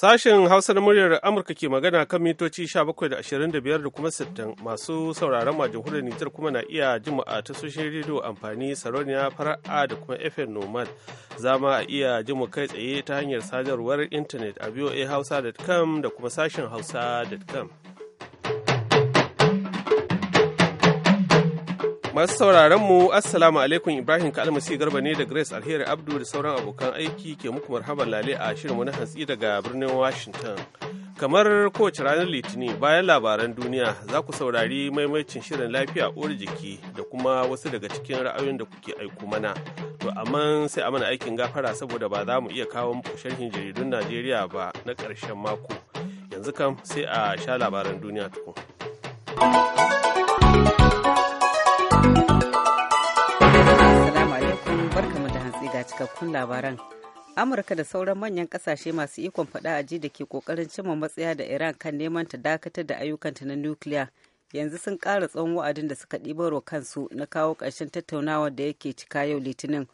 Sashen Hausa na muryar Amurka ke magana kan mitoci 17.25 da kuma 60 masu sauraron ma jamhuriyar Nijar kuma na iya jima a tasoshin rediyo amfani sarauniya fara'a da kuma FM Nomad. ma a iya jima kai tsaye ta hanyar sadarwar intanet a Hausa.com da kuma sashen hausa.com. Masu sauraron mu Assalamu alaikum Ibrahim Kalmasi Garba ne da Grace Alheri Abdu da sauran abokan aiki ke muku marhaban lale a shirinmu na hantsi daga birnin Washington. Kamar kowace ranar Litinin bayan labaran duniya za ku saurari maimacin shirin lafiya uwar jiki da kuma wasu daga cikin ra'ayoyin da kuke aiko mana. To amma sai a mana aikin gafara saboda ba za mu iya kawo muku sharhin jaridun Najeriya ba na ƙarshen mako. Yanzu kam sai a sha labaran duniya tukun. ga cikakkun labaran amurka da sauran manyan kasashe masu ikon faɗa a ji da ke kokarin cimma matsaya da iran kan neman ta dakatar da ayyukanta na nukiliya yanzu sun ƙara tsawon wa'adin da suka ɗibarwa kansu na kawo ƙarshen tattaunawa da yake cika yau litinin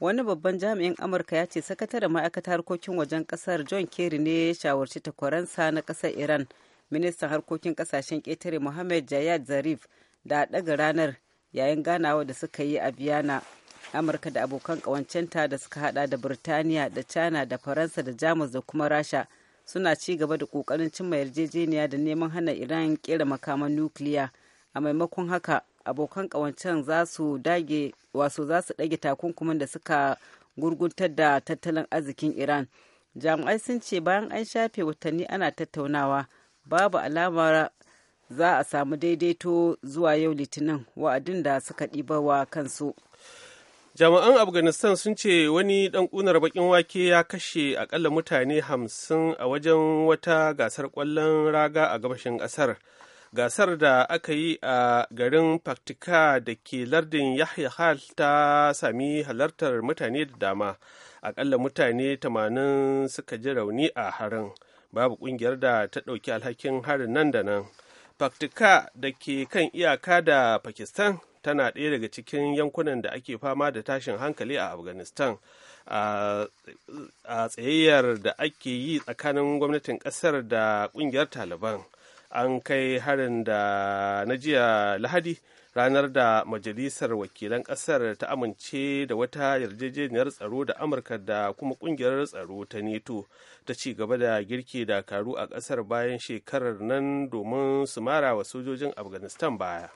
wani babban jami'in amurka ya ce sakataren ma'aikatar harkokin wajen ƙasar john kerry ne ya shawarci takwaransa na ƙasar iran ministan harkokin ƙasashen ƙetare mohammed jayad zarif da a ɗaga ranar yayin ganawa da suka yi a vienna amurka da abokan kawancenta da suka hada da birtaniya da china da faransa da jamus da kuma rasha suna ci gaba da kokarin cimma yarjejeniya da neman hana iran kera makaman nukiliya a maimakon haka abokan kawancen za su dage wasu za su ɗage takunkumin da suka gurguntar da tattalin arzikin iran jami'ai sun ce bayan an shafe watanni ana tattaunawa babu alamar za a samu daidaito zuwa yau litinin wa'adin da suka ɗiba wa kansu jami'an afghanistan sun ce wani ɗan kunar bakin wake ya kashe akalla mutane hamsin a wajen wata gasar kwallon raga a gabashin ƙasar. gasar da aka yi a garin faktika da ke lardin yahya hal ta sami halartar mutane da dama akalla mutane tamanin suka ji rauni a harin babu kungiyar da ta ɗauki alhakin harin nan da nan faktika da ke kan iyaka da pakistan tana ɗaya daga cikin yankunan da ake fama da tashin hankali a afghanistan a tsayayyar da ake yi tsakanin gwamnatin ƙasar da ƙungiyar taliban an kai harin da na jiya lahadi ranar da majalisar wakilan ƙasar ta amince da wata yarjejeniyar tsaro da amurka da kuma ƙungiyar tsaro ta neto ta ci gaba da girki dakaru a ƙasar bayan shekarar nan domin su mara wa sojojin afghanistan baya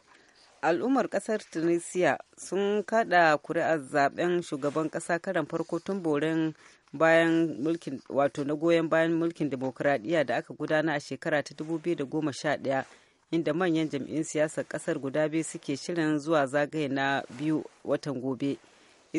al'ummar kasar tunisia sun kada kuri'ar zaben shugaban kasa karan farko tun borin bayan mulkin wato na goyon bayan mulkin demokuraɗiyya da aka gudana a shekara ta 2011 inda manyan jam'in siyasar kasar guda biyu suke shirin zuwa zagaye na biyu watan gobe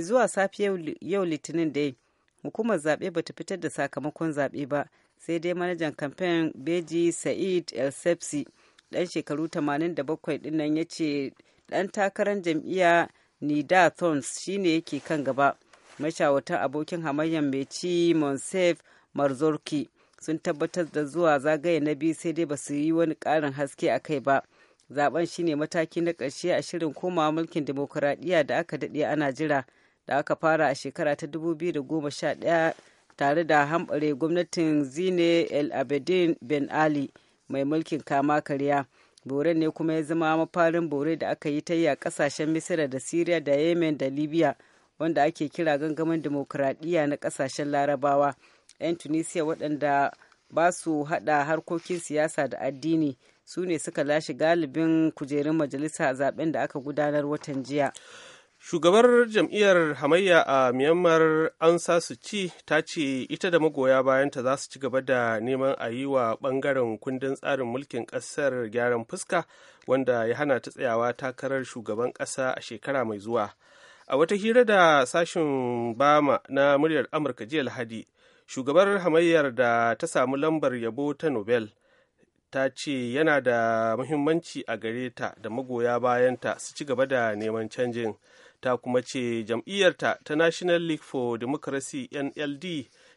zuwa safiya yau litinin dai hukumar zaɓe bata fitar da sakamakon zaɓe ba sai dai manajan kamfen beji sa'id el sepsi dan shekaru 87 din nan ya ce dan takarar jam'iyya nida thorns shine yake kan gaba mashawatan abokin hamayyar mai ci monsef marzorki sun tabbatar da zuwa zagaye na biyu sai dai ba su yi wani ƙarin haske a kai ba zaben shine mataki na ƙarshe a shirin komawa mulkin demokuraɗiyya da aka daɗe ana jira da aka fara a shekara ta 2011 tare da hambare gwamnatin zine el abedin ben ali mai mulkin kama karya boren ne kuma ya zama mafarin bore da aka yi ta yi a kasashen misira da syria da yemen da libya wanda ake kira gangamin demokuraɗiyya na kasashen larabawa 'yan tunisia waɗanda ba su haɗa harkokin siyasa da addini su ne suka lashe galibin kujerun majalisa a zaben da aka gudanar watan jiya shugabar jam'iyyar hamayya a myanmar an sa su ci ta ce ita da magoya bayanta za su ci gaba da neman a yi wa bangaren kundin tsarin mulkin kasar gyaran fuska wanda ya hana ta tsayawa takarar shugaban kasa a shekara mai zuwa a wata hira da sashen bama na muryar amurka jiya lahadi shugabar hamayyar da ta samu lambar yabo ta nobel ta ce yana da muhimmanci a gare ta da magoya bayanta su ci gaba da neman canjin ta kuma ce jam'iyyarta ta national league for democracy nld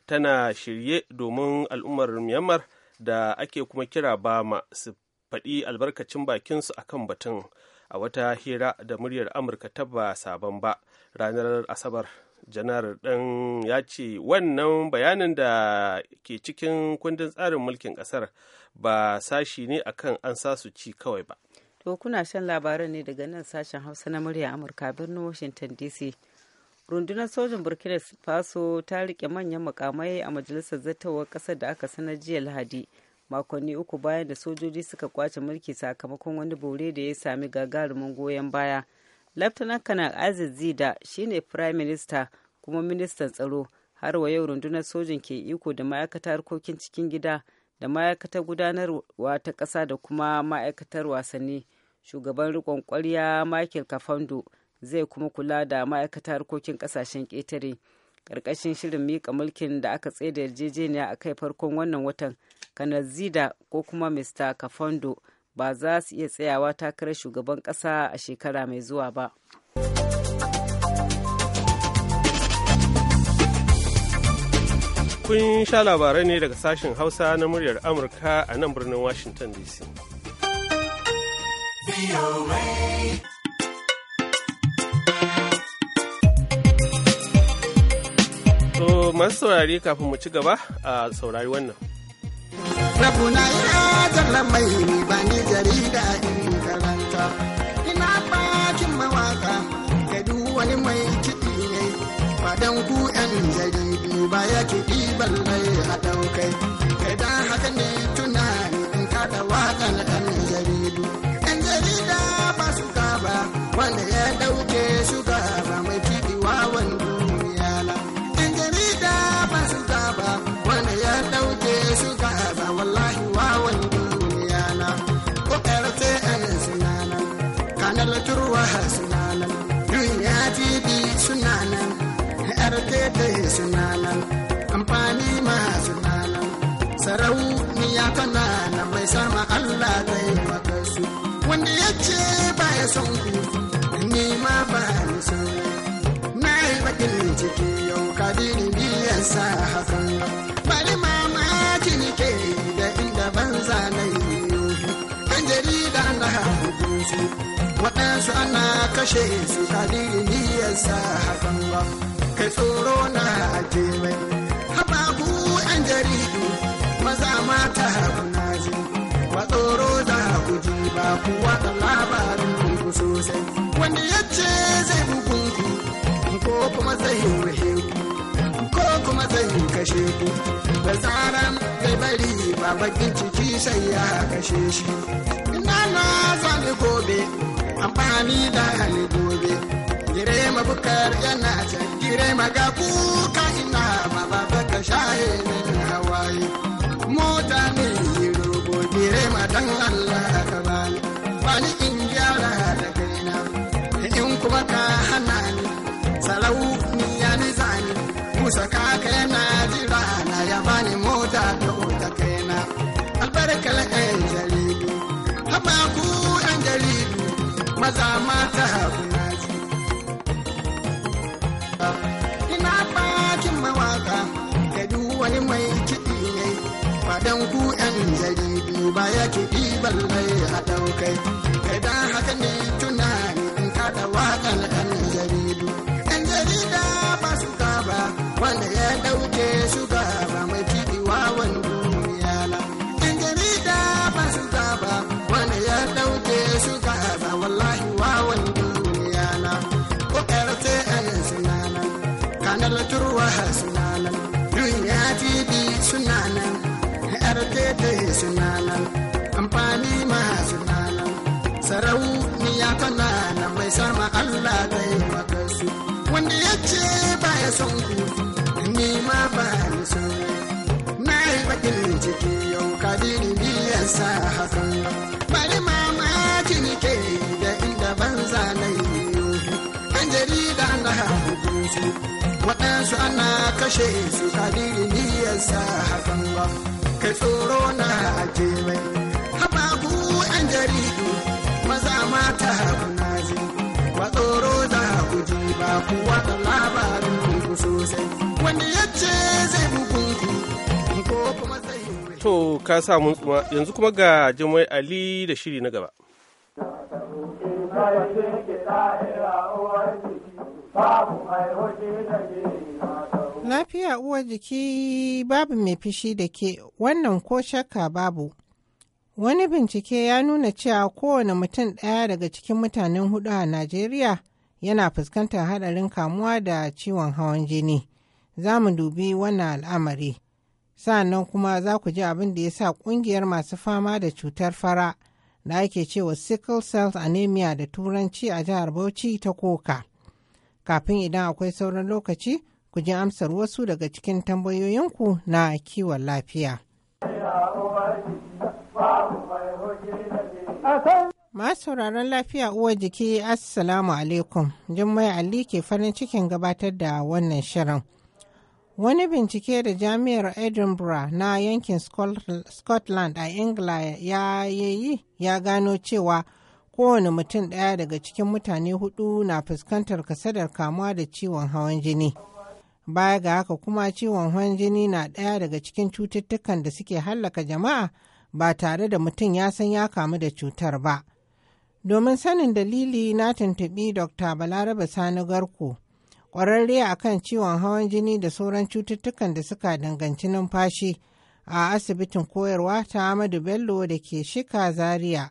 tana shirye domin al'ummar myanmar da ake kuma kira bama su faɗi albarkacin bakinsu a kan batun a wata hira da muryar amurka ta ba sabon ba ranar asabar janar ɗan ya ce wannan bayanin da ke cikin kundin tsarin mulkin ƙasar ba sashi ne akan an su ci kawai ba To kuna shan labaran ne daga nan sashen Hausa na murya Amurka birnin Washington DC. Rundunar sojin Burkina Faso ta rike manyan makamai a majalisar zattawar ƙasar da aka sanar jiya Lahadi. Makonni uku bayan da sojoji suka kwace mulki sakamakon wani bore da ya sami gagarumin goyon baya. Laftanar kana Aziz Zida shine Prime Minister kuma Ministan Tsaro. Har wa yau rundunar sojin ke iko da ma'aikatar harkokin cikin gida. da ma'aikatar gudanarwa ta ƙasa da kuma ma'aikatar wasanni shugaban riƙon ƙwarya michael kafando zai kuma kula da ma'aikatar harkokin ƙasashen ƙetare ƙarƙashin shirin miƙa mulkin da aka tsaye da yarjejeniya a kai farkon wannan watan kanar zida ko kuma mr kafando ba za su iya tsayawa takarar shugaban ƙasa a shekara mai zuwa ba. kun sha labarai ne daga sashen Hausa na muryar Amurka a nan birnin Washington DC. To masu saurari kafin mu ci gaba a saurari wannan. Rabuna ya mai ba ni jarida in karanta. Ina bakin mawaka da duk wani mai kiɗi ne. Fadan ku 'yan jaridu ba ya kiɗi kai suna nan amfani masu nan sarauniya tana nan mai sama Allah taimaka su wanda ya ce ba ya son ku ni ma ba ni son na yi bakin ciki yau diri biyan sa hakan bari mamaki ni ke da inda ban zanai An jarida na hakan su waɗansu ana kashe su diri biyan sa hakan kai tsoro na aje mai hababu yan jaridu maza mata kuna ji ba tsoro da ku ji ba kuwa wada labarin ku sosai wanda ya ce zai bugun ku ko kuma zai wuhe ku ko kuma zai kashe ku da tsaran zai bari ba bakin ciki sai ya kashe shi ina na zane gobe amfani da hali gobe gire ma bukar yana can gire ma ga kuka ina ma ba shaye min hawaye mota ne rogo gire ma dan Allah ka bani bani in gyara da kaina in kuma ka hana ni sarau ni ya ni zani musa ka kai na jira na ya bani mota ta ta kaina albarkal ɗan jaridu haba ku ɗan jaridu maza mata hagu duba yake amfani ma suna nan sarauniya tana nan mai sarma Allah ta yi maka su wanda ya ce ba ya son ku ni ma ba ni son na yi bakin ciki yau kabiri biyan sa hakan bari mamaki ni ke da inda ban zanai an jarida na hakan su waɗansu ana kashe su kabiri biyan sa hakan ba kai tsoro na ake mai haba ku yan jaridu maza mata kuna ji ba tsoro za ku ji ba ku labarin ku sosai Wani ya ce zai bukunku ko kuma zai To, ka sa mun yanzu kuma ga Jimai Ali da shiri na gaba. Lafiya uwar jiki babu mai fishi da ke wannan ko shakka babu. Wani bincike ya nuna cewa kowane mutum ɗaya daga cikin mutanen hudu a Najeriya yana fuskantar haɗarin kamuwa da ciwon hawan jini. Za mu dubi wannan al'amari. Sa'annan kuma za ku ji abin da ya sa ƙungiyar masu fama da cutar fara da ake cewa sickle cell anemia da turanci a jihar Bauchi ta koka. Kafin idan akwai sauran lokaci, ku ji amsar wasu daga cikin tambayoyinku na kiwon lafiya. Masu sauraron lafiya uwar jiki Assalamu alaikum, Jummai Ali ke farin cikin gabatar da wannan shirin. Wani bincike da Jami'ar Edinburgh na yankin Scotland a Ingila ya yi ya gano cewa kowane mutum ɗaya daga cikin mutane hudu na fuskantar kasadar kamuwa da ciwon hawan jini. Baya ga haka kuma ciwon hawan jini na ɗaya daga cikin cututtukan da suke hallaka jama'a ba tare da mutum ya san ya kamu da cutar ba. Domin sanin dalili na tuntuɓi Dr. Balaraba Sani Garko, ƙwararre a kan ciwon hawan jini da sauran cututtukan da suka danganci numfashi a asibitin koyarwa ta Amadu Bello da ke Shika Zaria.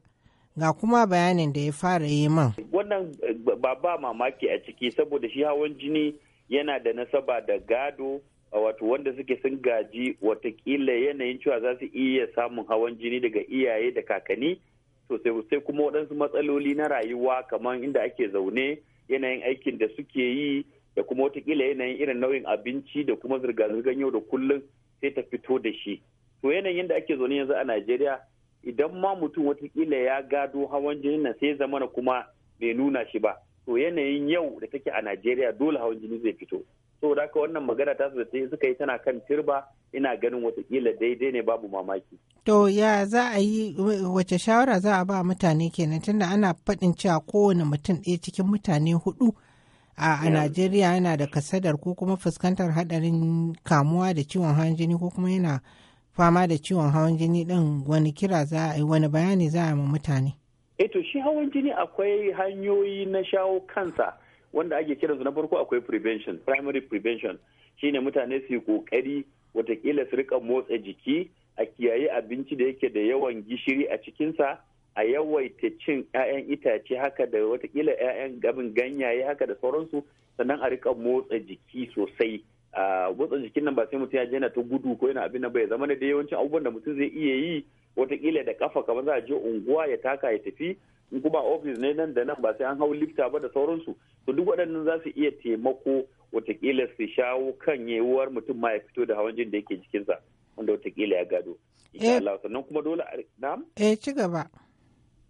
ga kuma bayanin da ya fara yi man. Wannan eh, ba ba mamaki a ciki saboda shi hawan jini yana da nasaba da gado wato wanda suke sun gaji watakila yanayin cewa za su iya samun hawan jini daga iyaye da kakanni sosai sai kuma waɗansu matsaloli na rayuwa kamar inda ake zaune yanayin aikin da suke yi da kuma watakila yanayin irin nau'in abinci da kuma zirga zirgan yau da kullum sai ta fito da shi to yanayin da ake zaune yanzu a najeriya idan ma mutum watakila ya gado hawan jini na sai zamana kuma bai nuna shi ba to yanayin yau da take a najeriya dole hawan jini zai fito saboda haka wannan magana ta da suka yi tana kan tirba ina ganin watakila daidai ne babu mamaki to ya za a yi wace shawara za a ba mutane kenan tunda ana faɗin cewa kowane mutum ɗaya cikin mutane hudu a najeriya yana da kasadar ko kuma fuskantar haɗarin kamuwa da ciwon hawan jini ko kuma yana fama da ciwon hawan jini ɗin wani kira za a yi wani bayani za a ma mutane eh to shi hawan jini akwai hanyoyi na shawo kansa wanda ake su na farko akwai prevention primary prevention shine mutane su yi kokari watakila su rika motsa jiki a kiyaye abinci da yake da yawan gishiri a cikinsa a yawaita cin 'ya'yan itace haka da watakila 'ya'yan gabin ganyaye haka da sauransu sannan a rika motsa jiki sosai a motsa jikin nan ba sai mutum ya je ta gudu ko yana abin nan bai zama da yawancin abubuwan da mutum zai iya yi watakila da kafa kamar za a je unguwa ya taka ya tafi in kuma ofis ne nan da nan ba sai an hau lifta ba da sauransu to duk waɗannan za su iya taimako watakila su shawo kan yiwuwar mutum ma ya fito da hawan jin da yake jikinsa wanda watakila ya gado. Eh, Allah sannan kuma dole a Eh ci gaba.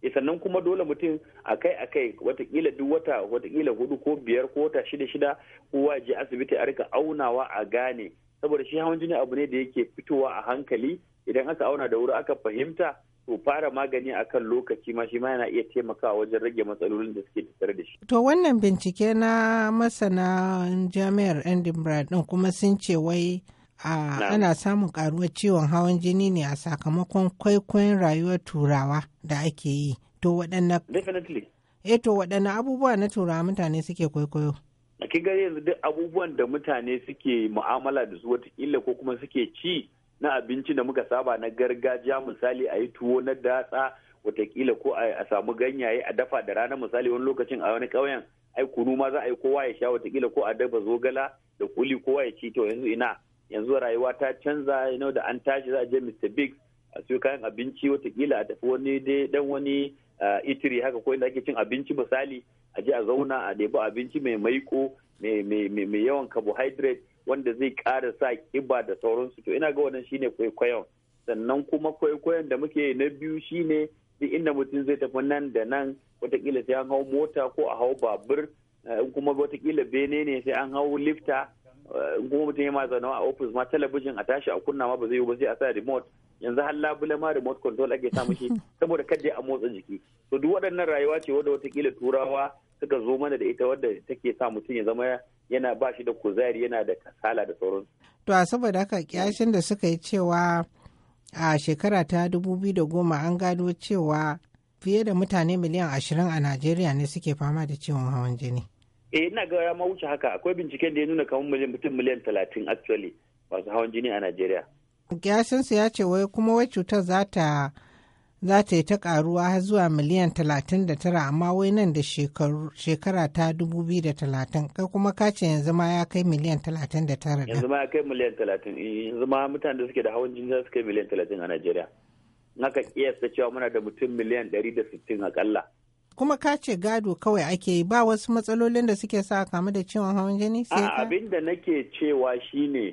Eh, sannan kuma dole mutum akai akai watakila duk wata watakila hudu ko biyar ko wata shida shida kowa je asibiti a rika aunawa a gane saboda shi hawan jini abu ne da yake fitowa a hankali idan aka auna da wuri aka fahimta to fara magani a kan lokaci ma shi ma yana iya taimakawa wajen rage matsalolin da suke tattare da shi. To wannan bincike na masana jami'ar Edinburgh din kuma sun ce wai ana samun karuwar ciwon hawan jini ne a sakamakon kwaikwayon rayuwar turawa da ake yi to waɗanne definitely eh, to waɗanne abubuwa na turawa mutane suke kwaikwayo a kiga yanzu duk abubuwan da mutane suke mu'amala da su watakila ko kuma suke ci na abinci da muka saba na gargajiya misali a yi tuwo na datsa watakila ko a samu ganyaye a dafa da rana misali wani lokacin a wani ƙauyen ai kunu ma za a yi kowa ya sha watakila ko a dafa zogala da kuli kowa ya ci to yanzu ina yanzu rayuwa ta canza you da an tashi za a je Mr. Big a siyo kayan abinci watakila a tafi wani dai dan wani itiri uh, haka ko inda ake cin abinci misali a je a zauna a debo abinci mai maiko mai yawan carbohydrate wanda zai kara sa kiba da sauransu to ina ga wannan shine kwaikwayon sannan kuma kwaikwayon da muke na biyu shine duk inda mutum zai tafi nan da nan watakila sai an hau mota ko a hau babur uh, kuma watakila bene ne sai an hau lifta kuma mutum ya ma zaune a ofis ma talabijin a tashi a kunna ma ba zai yi ba sai a sa remote yanzu har labule ma remote control ake sa mishi saboda kada a motsa jiki to duk waɗannan rayuwa ce wadda watakila turawa suka zo mana da ita wadda take sa mutum ya zama yana ba shi da kuzari yana da kasala da sauran to a saboda haka kiyashin da suka yi cewa a shekara ta dubu biyu da goma an gado cewa fiye da mutane miliyan ashirin a Najeriya ne suke fama da ciwon hawan jini. eh ina ga ya ma wuce haka akwai binciken da ya nuna kamar miliyan mutum miliyan talatin actually masu hawan jini a Najeriya. su ya ce wai kuma wai cutar za ta za ta yi ta karuwa har zuwa miliyan talatin da tara amma wai nan da shekara ta dubu biyu da talatin kai kuma ka ce yanzu ma ya kai miliyan talatin da tara yanzu ma ya kai miliyan talatin eh, yanzu ma mutane da suke da hawan jini za su kai miliyan talatin a Najeriya. Naka kiyasta cewa muna da mutum miliyan ɗari da sittin akalla. kuma ka ce gado kawai ake yi ba wasu matsalolin da suke sa kamu da ciwon hawan jini sai ka abin da nake cewa shine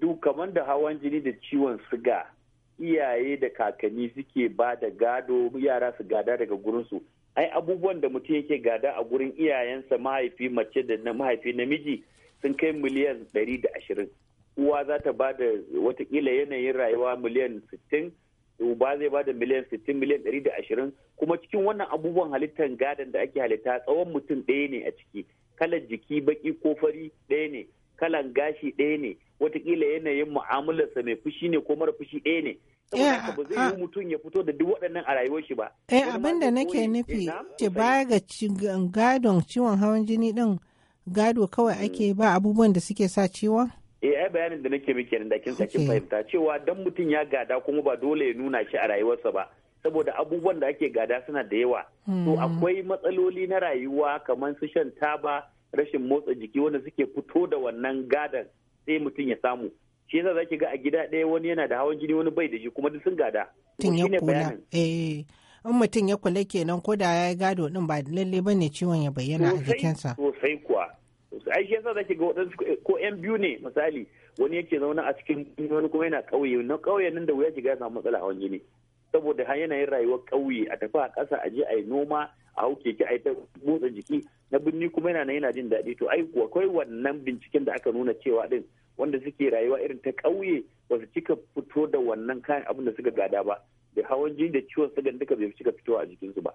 duk kamar da hawan jini da ciwon siga iyaye da kakanni suke ba da gado yara su gada daga gurinsu ai abubuwan da mutum yake gada a gurin iyayensa mahaifi mace da na mahaifi namiji sun kai miliyan ɗari da ashirin uwa za ta ba da watakila yanayin rayuwa miliyan sittin uba zai ba da miliyan 60 miliyan 120 kuma cikin wannan abubuwan halittar gadon da ake halitta tsawon mutum ɗaya ne a ciki kalar jiki baki ko fari ɗaya ne kalan gashi ɗaya ne watakila yanayin mu'amalarsa mai fushi ne ko mara fushi ɗaya ne eh, ba zai yi mutum ya fito da duk waɗannan a rayuwar shi ba eh abin nake nufi ce baya ga gadon ciwon hawan jini din gado kawai ake ba abubuwan da suke sa ciwon eh ai bayanin da nake miki da kin saki fahimta cewa dan mutum ya gada kuma ba dole ya nuna shi a rayuwarsa ba saboda abubuwan da ake gada suna da yawa to hmm. akwai matsaloli na rayuwa kamar su shan taba rashin motsa jiki wanda suke fito da wannan gadan sai mutum ya samu shi yasa zaki ga a gida ɗaya wani yana da hawan jini wani bai da shi kuma duk sun gada tun ya eh in mutum ya kula kenan ko da ya gado din ba lalle bane ciwon ya bayyana a jikinsa sosai kuwa ai shi yasa zaki ga wadansu ko yan biyu ne misali wani yake zaune a cikin wani kuma yana ƙauye na ƙauye nan da wuya shiga ya samu matsala wani ne saboda har yanayin rayuwar ƙauye a tafi a ƙasa a je a yi noma a hau keke a yi ta motsa jiki na birni kuma yana nan yana jin daɗi to ai akwai wannan binciken da aka nuna cewa din wanda suke rayuwa irin ta ƙauye ba su cika fito da wannan kayan abin da suka gada ba da hawan jini da ciwon sugan duka bai cika fitowa a jikinsu ba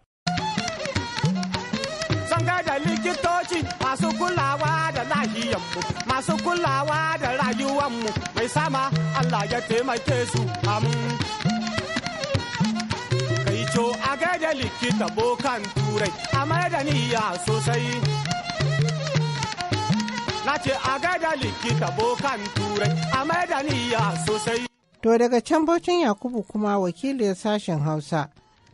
zan da likitoci masu kulawa da lahiyanmu masu kulawa da rayuwanmu mai sama Allah ya taimake su amin. Kai co a gaida likita bokan turai a da niyya sosai. Na ce a gaida likita bokan turai a da niyya sosai. To daga can bocin Yakubu kuma wakilin sashen Hausa.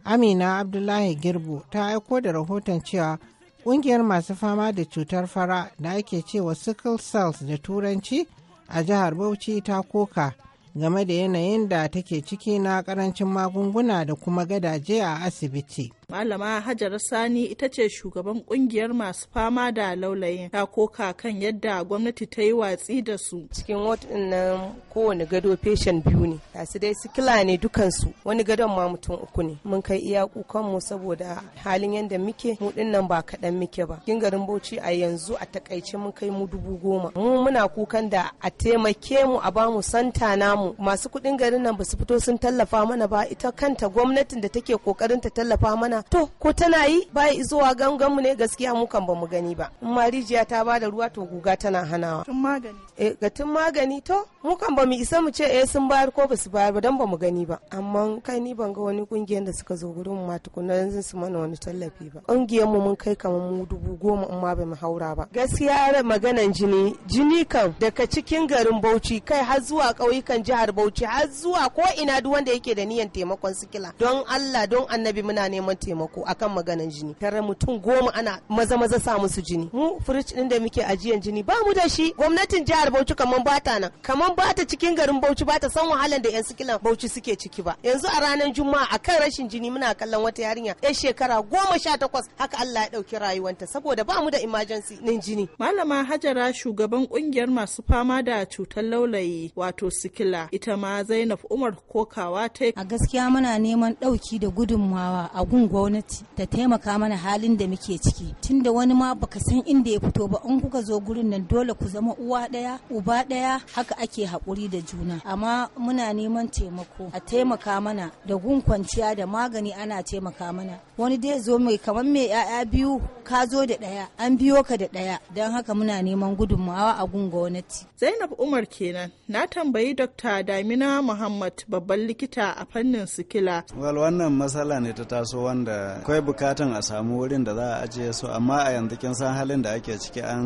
Amina Abdullahi Girbu ta aiko da rahoton cewa Ƙungiyar masu fama da cutar fara da ake cewa sickle cells da turanci a jihar Bauchi ta koka game da yanayin da take ciki na ƙarancin magunguna da kuma gadaje a asibiti. Malama Hajar Sani ita ce shugaban kungiyar masu fama da laulayin ta koka kan yadda gwamnati ta yi watsi da su. Cikin waɗannan kowane gado feshen biyu ne, su dai sikila ne dukansu wani gadon ma mutum uku ne. Mun kai iya kukanmu saboda halin yadda muke mu dinnan ba kaɗan muke ba. Kin garin Bauchi a yanzu a takaice mun kai mu dubu goma. Mu muna kukan da a taimake mu a bamu santa namu masu kuɗin garin nan ba su fito sun tallafa mana ba ita kanta gwamnatin da take kokarin ta tallafa mana to ko tana yi ba zuwa gangan mu ne gaskiya mu kan ba mu gani ba in ma rijiya ta ba da ruwa to guga tana hanawa tun magani eh ga tun magani to mu kan ba mu isa mu ce eh sun bayar ko ba su bayar ba dan ba mu gani ba amma kai ni ban ga wani kungiyar da suka zo gurin mu ma tukunna yanzu su mana wani tallafi ba kungiyar mu mun kai kamar mu dubu goma in ma ba mu haura ba gaskiya maganan jini jini kan daga cikin garin Bauchi kai har zuwa ƙauyukan jihar Bauchi har zuwa ko ina duk wanda yake da niyan taimakon sikila don Allah don Annabi muna neman taimako akan maganan jini tare mutum goma ana maza maza sa musu jini mu firij din da muke ajiyan jini ba mu da shi gwamnatin jihar Bauchi kaman bata nan kaman bata cikin garin Bauchi bata san wahalan da yan sikilan Bauchi suke ciki ba yanzu a ranar Juma'a akan rashin jini muna kallon wata yarinya yan shekara goma sha takwas haka Allah ya dauki rayuwanta saboda ba mu da emergency nin jini malama Hajara shugaban kungiyar masu fama da cutar laulayi wato sikila ita ma Zainab Umar kokawa ta a gaskiya muna neman dauki da gudunmawa a gun gwamnati ta taimaka mana halin da muke ciki tunda wani ma baka san inda ya fito ba in kuka zo gurin nan dole ku zama uwa ɗaya uba ɗaya haka ake haƙuri da juna amma muna neman taimako a taimaka mana da gun kwanciya da magani ana taimaka mana wani dai zo mai kamar mai 'ya'ya biyu ka zo da ɗaya an biyo ka da ɗaya don haka muna neman gudunmawa a gun gwamnati zainab umar kenan na tambayi dr damina muhammad babban likita a fannin sikila wal wannan matsala ne ta taso wannan da akwai bukatan a samu wurin da za a ajiye su amma a yanzu kin san halin da ake ciki an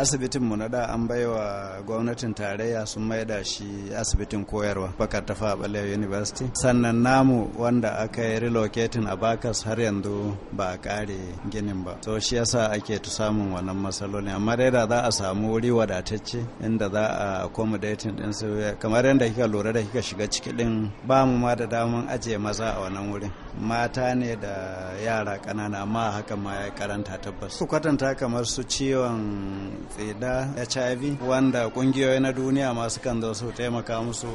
asibitin mu na da an baiwa gwamnatin tarayya sun maida shi asibitin koyarwa bakar tafa balewa university sannan namu wanda aka yi relocating a bakas har yanzu ba a kare ginin ba to shi yasa ake ta samun wannan matsaloli amma dai da za a samu wuri wadatacce inda za a accommodating din su kamar yadda kika lura da kika shiga ciki din ba mu ma da daman ajiye maza a wannan wurin mata ne da yara kanana amma haka ma ya karanta tabbas ku kwatanta kamar su ciwon tsida hiv wanda ƙungiyoyi na duniya masu kan zo su taimaka musu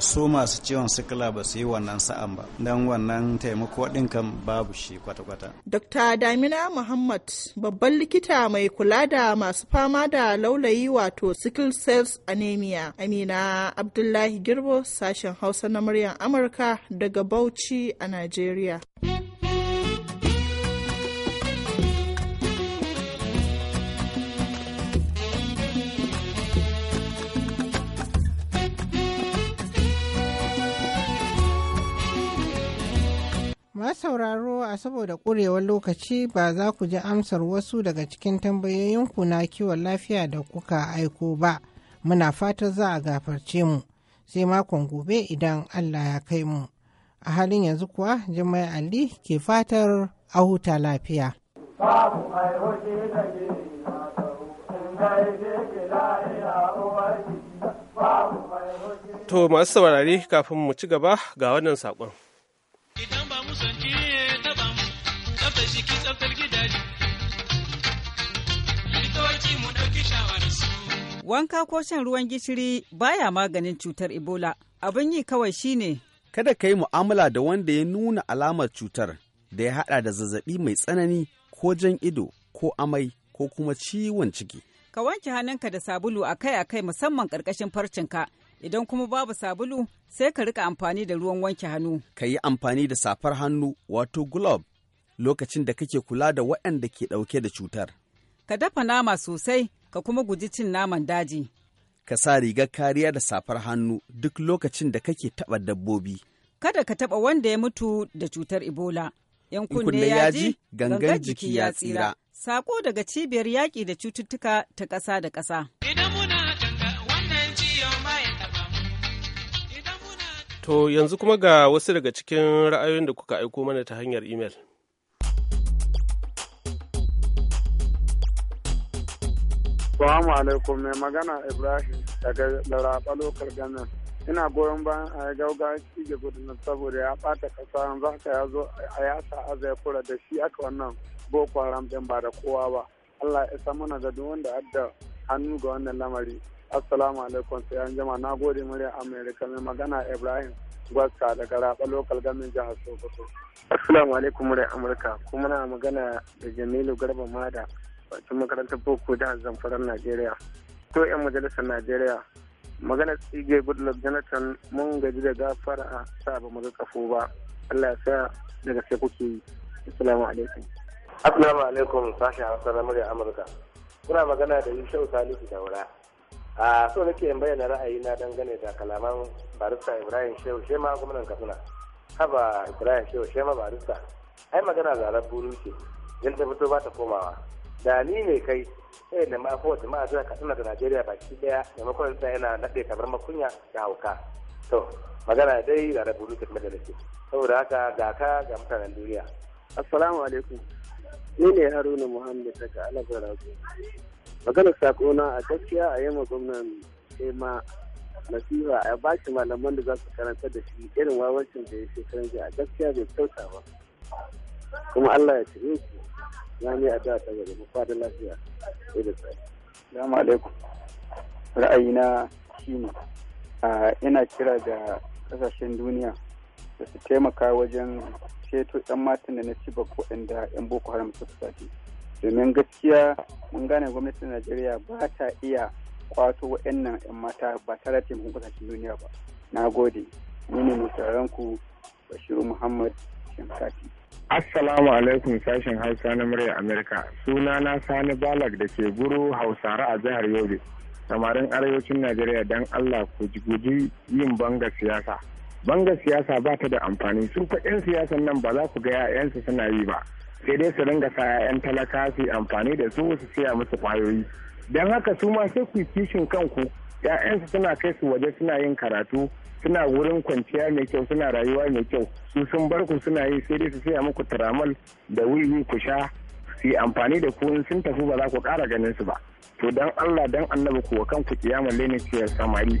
su masu ciwon sikila ba su yi wannan sa'an ba don wannan taimako ɗin kan babu shi kwata-kwata dr damina muhammad babban likita mai kula da masu fama da laulayi wato sickle cells anemia amina abdullahi girbo sashen hausa na muryar amurka daga bauchi a najeriya najeriya sauraro a saboda ƙurewar lokaci ba za ku ji amsar wasu daga cikin tambayoyinku na kiwon lafiya da kuka aiko ba muna fatan za a gafarce mu sai makon gobe idan allah ya kai mu. a halin yanzu kuwa jimai ali ke fatar a huta lafiya To masu saurari kafin mu ci gaba ga wannan saƙon. Idan ba mu mu, gidaje. mu shawararsu. Wanka ko shan ruwan gishiri baya maganin cutar Ebola. Abin yi kawai shine kada ka yi mu'amala da wanda ya nuna alamar cutar da ya haɗa da zazzabi mai tsanani ko jan ido ko amai ko kuma ciwon ciki. Ka wanke hannunka da sabulu akai-akai musamman ƙarƙashin ka, Idan kuma babu sabulu sai ka rika amfani da ruwan wanke hannu. Ka yi amfani da safar hannu wato glove lokacin da kake kula da waɗanda ke ɗauke da cutar. Ka dafa nama sosai ka kuma guji cin naman daji. ka sa rigar kariya da safar hannu duk lokacin da kake taɓa dabbobi. Kada ka taɓa wanda ya mutu da cutar Ebola. ‘Yan kunne ya ji, gangan jiki ya tsira. Sako daga cibiyar yaƙi da cututtuka ta ƙasa da ƙasa. To yanzu kuma ga wasu daga cikin ra'ayoyin da kuka aiko mana ta hanyar imel. Salamu alaikum mai magana Ibrahim daga Laraba Lokal Gamen. Ina goyon bayan a ya gauga da gudunar saboda ya ɓata ƙasa za ka ya zo a yasa aza kura da shi aka wannan boko haram ɗin ba da kowa ba. Allah ya isa mana da duk wanda adda hannu ga wannan lamari. Assalamu alaikum sai an jama na gode murya Amerika mai magana Ibrahim Gwaska daga Raba Lokal Gamin Jihar Sokoto. Assalamu alaikum murya Amurka kuma na magana da Jamilu Garba Mada wato makarantar boko da zamfaran najeriya to 'yan majalisar najeriya magana tsige goodluck jonathan mun gaji da gafara a sa ba mu kafo ba allah ya sa daga sai kuke yi assalamu alaikum assalamu alaikum sashi hausa na murya amurka kuna magana da yi yushau salisu daura a so nake in bayyana ra'ayina dangane da kalaman barista ibrahim shehu shema gwamnan katsina haba ibrahim shehu shema barista ai magana zarar buru ce yadda fito ba ta komawa da ni ne kai sai da ma kowace jama'a zuwa katsina da najeriya baki daya maimakon sa yana naɗe kamar makunya da hauka to magana dai da rabu da kuma da nake saboda haka ga ka ga mutanen duniya assalamu alaikum ni ne haruna muhammad daga alabara magana sakona a gaskiya a yamma gwamnan ma nasiha a ba shi malaman da za su karanta da shi irin wawancin da ya shekaran a gaskiya bai kyauta ba kuma allah ya ci na ne a jihar tagada mu fada lafiya sai da sai salamu alaikum ra'ayina ne ina kira da kasashen duniya da su taimaka wajen ceto 'yan matan da na ciba waɗanda 'yan boko haram su sati domin gaskiya mun gane gwamnatin najeriya ba ta iya kwato waɗannan 'yan mata ba tare da taimakon kasashen duniya ba na gode ni ne mai ku bashiru muhammad shinkati Assalamu alaikum sashen Hausa na murya Amerika. Suna na Sani Balag da ke guru Hausare a jihar Yobe. Samarin arewacin Najeriya don Allah ku guji yin banga siyasa. Banga siyasa ba ta da amfani. Su faɗin siyasan nan ba za ku ga 'ya'yansu suna yi ba. Sai dai su ringa sa 'ya'yan talaka su amfani da su su siya musu kwayoyi. Don haka su ma sai ku kishin kanku 'ya'yansu suna kai su waje suna yin karatu suna wurin kwanciya mai kyau suna rayuwa mai kyau su sun bar ku suna yi sai dai su saya muku tiramal da wiwi ku sha su yi amfani da ku in sun tafi ba za ku ƙara ganin su ba to don Allah dan annabi kuwa kanku kiyamar lenin ciyar samari.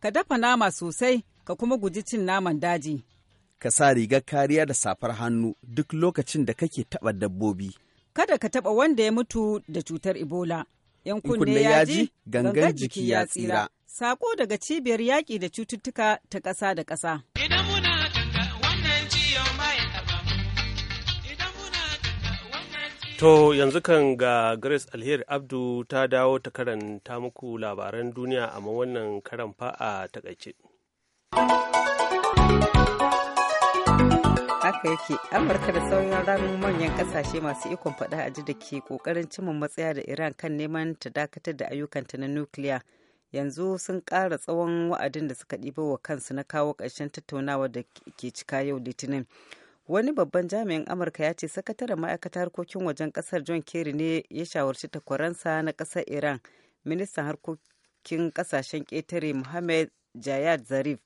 Ka dafa nama sosai ka kuma guji cin naman daji. Ka sa rigar kariya da safar hannu duk lokacin da kake taɓa dabbobi. Kada ka taɓa wanda ya mutu da cutar Ebola. ‘Yan kunne ya ji, gangan jiki ya tsira. Sako daga cibiyar yaƙi da cututtuka ta ƙasa da ƙasa. Idan To yanzu kan ga Grace Alheri Abdu ta dawo ta karanta muku labaran duniya amma wannan karan fa a takaice. Haka yake, Amurka da sauran ranar manyan kasashe masu ikon faɗa a ji da ke ƙoƙarin cimin matsaya da Iran kan neman ta dakatar da ayyukanta na nukiliya. Yanzu sun ƙara tsawon wa'adin da suka ɗiba wa kansu na kawo ƙarshen tattaunawa da ke cika yau Litinin. wani babban jami'in amurka ya ce sakataren ma'aikatar harkokin wajen kasar john kerry ne ya shawarci takwaransa na kasar iran ministan harkokin kasashen ƙetare mohammed jayad zarif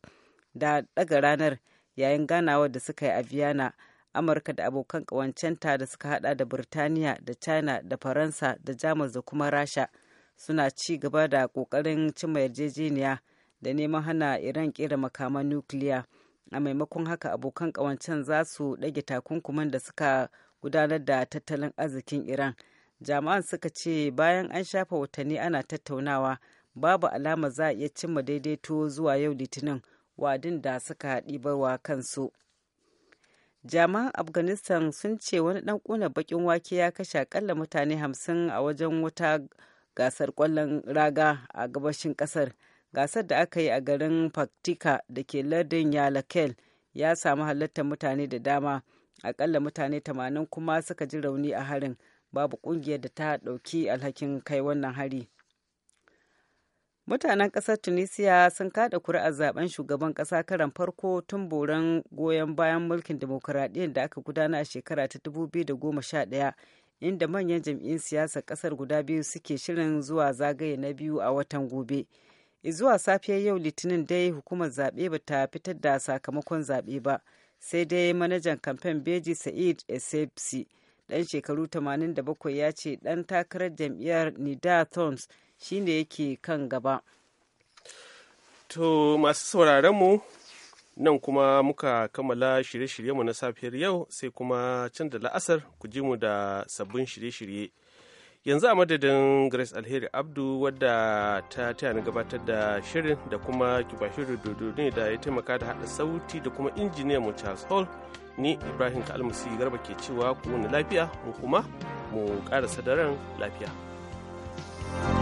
da daga ranar yayin ganawar da suka yi a viyana amurka da abokan ƙawancenta da suka hada da birtaniya da china da faransa da jamus da kuma rasha suna ci gaba da ƙoƙarin cimma yarjejeniya da neman hana iran ƙera makaman nukiliya. a maimakon haka abokan ƙawancen za su ɗage takunkuman da suka gudanar da tattalin arzikin iran jama'an suka ce bayan an shafa watanni ana tattaunawa babu alama za a iya cimma daidaito zuwa yau litinin wadin da suka ɗibarwa kansu jama'an afghanistan sun ce wani ɗan ƙuna baƙin wake ya kashe akalla mutane hamsin a wajen wata gasar ƙwallon raga a gabashin ƙasar gasar da aka yi a garin faktika da ke lardin yalakel ya samu halartar mutane da dama akalla mutane 80 kuma suka ji rauni a harin babu kungiyar da ta ɗauki alhakin kai wannan hari mutanen ƙasar tunisia sun kada kuri'ar zaben shugaban ƙasa karan farko tun boran goyon bayan mulkin demokuraɗiyyar da aka gudana a shekara ta 2011 inda manyan jam'iyyun siyasar ƙasar guda biyu suke shirin zuwa zagaye na biyu a watan gobe. zuwa safiyar yau litinin dai hukumar zaɓe ba ta fitar da sakamakon zaɓe ba sai dai manajan kamfen beji sa'id esepsi ɗan shekaru 87 ya ce ɗan takarar jam'iyyar nida thorns shine yake kan gaba to masu sauraron mu nan kuma muka kammala shirye-shiryenmu na safiyar yau sai kuma can da la'asar ku ji mu da sabbin shirye-shirye yanzu a madadin grace alheri abdu wadda ta taya ni gabatar da shirin da kuma kibashiru dodo da ya taimaka da hada sauti da kuma injiniyan mu charles hall ni ibrahim kalmusi garba ke cewa ku lafiya mu kuma mu ƙara sadaran lafiya. thank you